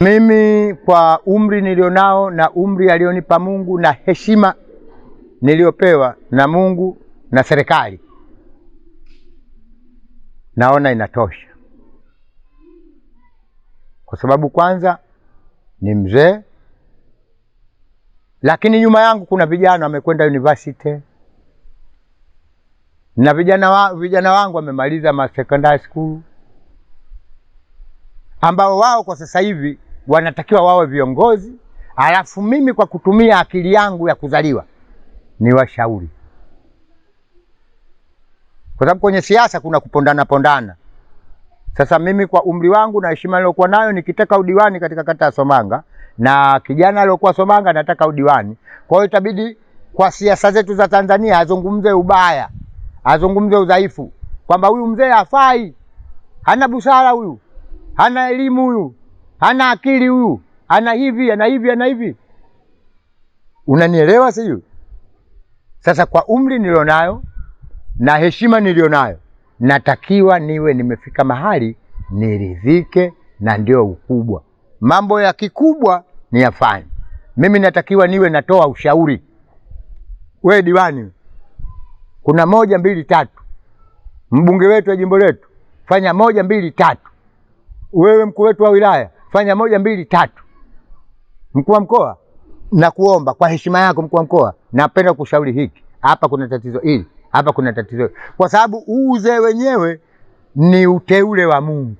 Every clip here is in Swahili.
Mimi kwa umri nilionao na umri alionipa Mungu na heshima niliyopewa na Mungu na serikali, naona inatosha, kwa sababu kwanza ni mzee, lakini nyuma yangu kuna vijana wamekwenda university na vijana wa, vijana wangu wamemaliza ma secondary school ambao wao kwa sasa hivi wanatakiwa wawe viongozi, alafu mimi kwa kutumia akili yangu ya kuzaliwa ni washauri, kwa sababu kwenye siasa kuna kupondana pondana. Sasa mimi kwa umri wangu na heshima niliyokuwa nayo, nikitaka udiwani katika kata ya Somanga na kijana aliyokuwa Somanga anataka udiwani, kwa hiyo itabidi kwa siasa zetu za Tanzania azungumze ubaya, azungumze udhaifu, kwamba huyu mzee hafai, hana busara huyu, hana elimu huyu hana akili huyu, ana hivi ana hivi ana hivi. Unanielewa sijui? Sasa kwa umri nilionayo na heshima nilionayo, natakiwa niwe nimefika mahali niridhike, na ndio ukubwa. Mambo ya kikubwa ni yafanye. Mimi natakiwa niwe natoa ushauri, we diwani, kuna moja mbili tatu, mbunge wetu wa jimbo letu fanya moja mbili tatu, wewe mkuu wetu wa wilaya fanya moja mbili tatu. Mkuu wa mkoa, nakuomba kwa heshima yako mkuu wa mkoa, napenda kushauri hiki hapa, kuna tatizo hili hapa, kuna tatizo, kwa sababu uzee wenyewe ni uteule wa Mungu.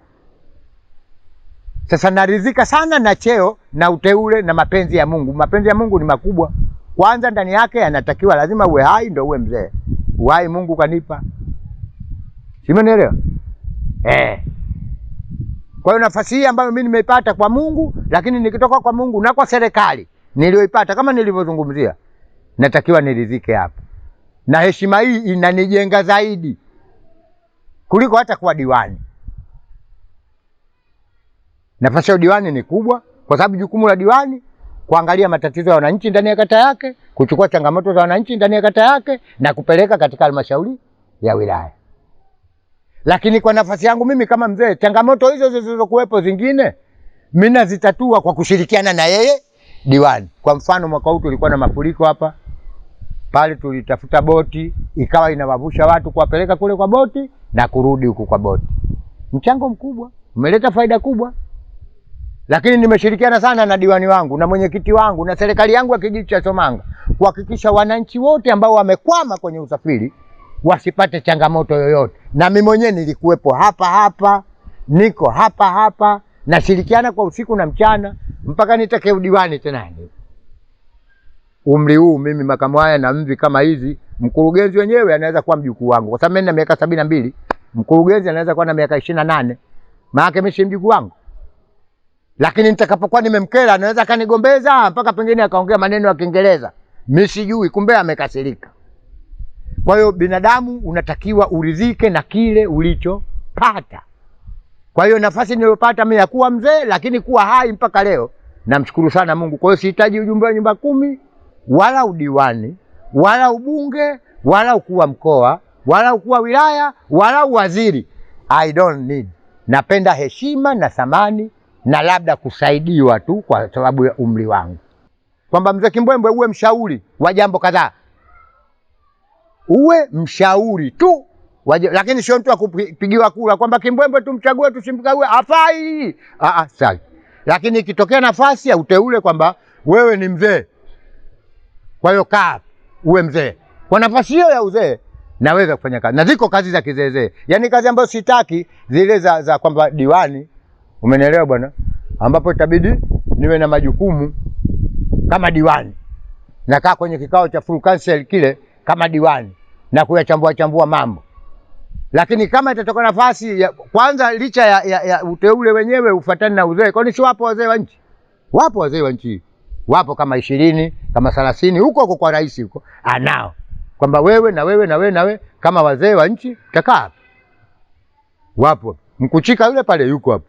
Sasa naridhika sana na cheo na uteule na mapenzi ya Mungu. Mapenzi ya Mungu ni makubwa, kwanza ndani yake anatakiwa lazima uwe hai ndio uwe mzee. Uhai Mungu kanipa, simenielewa eh? Kwa hiyo nafasi hii ambayo mimi nimeipata kwa Mungu, lakini nikitoka kwa Mungu na kwa serikali niliyoipata, kama nilivyozungumzia, natakiwa niridhike hapo, na heshima hii inanijenga zaidi kuliko hata kuwa diwani. Nafasi ya diwani ni kubwa, kwa sababu jukumu la diwani kuangalia matatizo ya wananchi ndani ya kata yake, kuchukua changamoto za wananchi ndani ya kata yake na kupeleka katika halmashauri ya wilaya. Lakini kwa nafasi yangu mimi kama mzee, changamoto hizo zilizokuwepo zingine mimi nazitatua kwa kushirikiana na yeye diwani. Kwa mfano mwaka huu tulikuwa na mafuriko hapa pale, tulitafuta boti ikawa inawavusha watu kuwapeleka kule kwa boti na kurudi huku kwa boti. Mchango mkubwa umeleta faida kubwa, lakini nimeshirikiana sana na diwani wangu na mwenyekiti wangu na serikali yangu ya kijiji cha Somanga kuhakikisha wananchi wote ambao wamekwama kwenye usafiri wasipate changamoto yoyote. Na mimi mwenyewe nilikuwepo hapa hapa, niko hapa hapa, nashirikiana kwa usiku na mchana mpaka nitake udiwani tena. Umri huu mimi makamu haya na mvi kama hizi, mkurugenzi wenyewe anaweza kuwa mjukuu wangu kwa sababu mimi na miaka sabini na mbili, mkurugenzi anaweza kuwa na miaka ishirini na nane, maana mimi si mjukuu wangu lakini nitakapokuwa nimemkera anaweza akanigombeza mpaka pengine akaongea maneno ya Kiingereza, mi sijui, kumbe amekasirika. Kwa hiyo binadamu unatakiwa uridhike na kile ulichopata. Kwa hiyo nafasi niliyopata mimi ya kuwa mzee, lakini kuwa hai mpaka leo, namshukuru sana Mungu. Kwa hiyo sihitaji ujumbe wa nyumba kumi wala udiwani wala ubunge wala ukuu wa mkoa wala ukuu wa wilaya wala uwaziri. I don't need. Napenda heshima na thamani na labda kusaidiwa tu kwa sababu ya umri wangu, kwamba mzee Kimbwembwe uwe mshauri wa jambo kadhaa uwe mshauri tu Waje, lakini sio mtu akupigiwa kura kwamba Kimbwembwe tumchague tusimkague, ah, ah sai. Lakini ikitokea nafasi ya uteule kwamba wewe ni mzee, kwa hiyo kaa uwe mzee kwa nafasi hiyo ya uzee, naweza kufanya kazi na ziko kazi za kizeezee, yaani kazi ambazo sitaki zile za, za kwamba diwani, umenielewa bwana, ambapo itabidi niwe na majukumu kama diwani, nakaa kwenye kikao cha full council kile kama diwani na kuyachambua chambua mambo, lakini kama itatoka nafasi ya kwanza, licha ya, ya, ya uteule wenyewe ufuatane na uzee, kwani si wapo wazee wa nchi? Wapo wazee wa nchi, wapo kama ishirini kama thelathini huko huko kwa rais huko anao kwamba wewe na wewe na wewe na wewe kama wazee wa nchi takaa wapo. Mkuchika yule pale yuko hapo,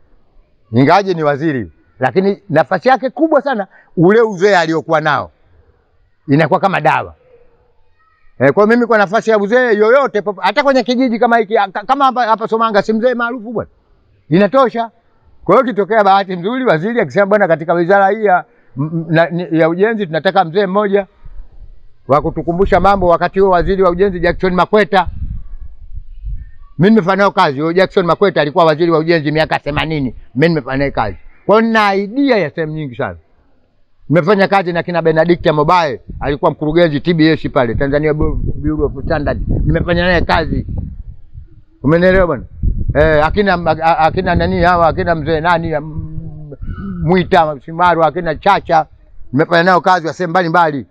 ingaje ni waziri, lakini nafasi yake kubwa sana, ule uzee aliokuwa nao inakuwa kama dawa. Eh, kwa mimi kwa nafasi ya uzee yoyote hata kwenye kijiji kama hiki kama hapa, hapa Somanga si mzee maarufu bwana. Inatosha. Kwa hiyo kitokea bahati nzuri waziri akisema bwana, katika wizara hii ya, ya ujenzi tunataka mzee mmoja wa kutukumbusha mambo. Wakati huo waziri wa ujenzi Jackson Makweta, mimi nimefanya kazi huyo. Jackson Makweta alikuwa waziri wa ujenzi miaka 80, mimi nimefanya kazi. Kwa hiyo nina idea ya sehemu nyingi sana. Mmefanya kazi na kina Benedict Mobaye, alikuwa mkurugenzi TBS pale Tanzania Bureau of Standard. Nimefanya naye kazi. Umenielewa bwana? Eh, akina akina nani hawa, akina mzee nani mm, Mwita Simaru, akina Chacha, nimefanya nao kazi wa sehemu mbalimbali.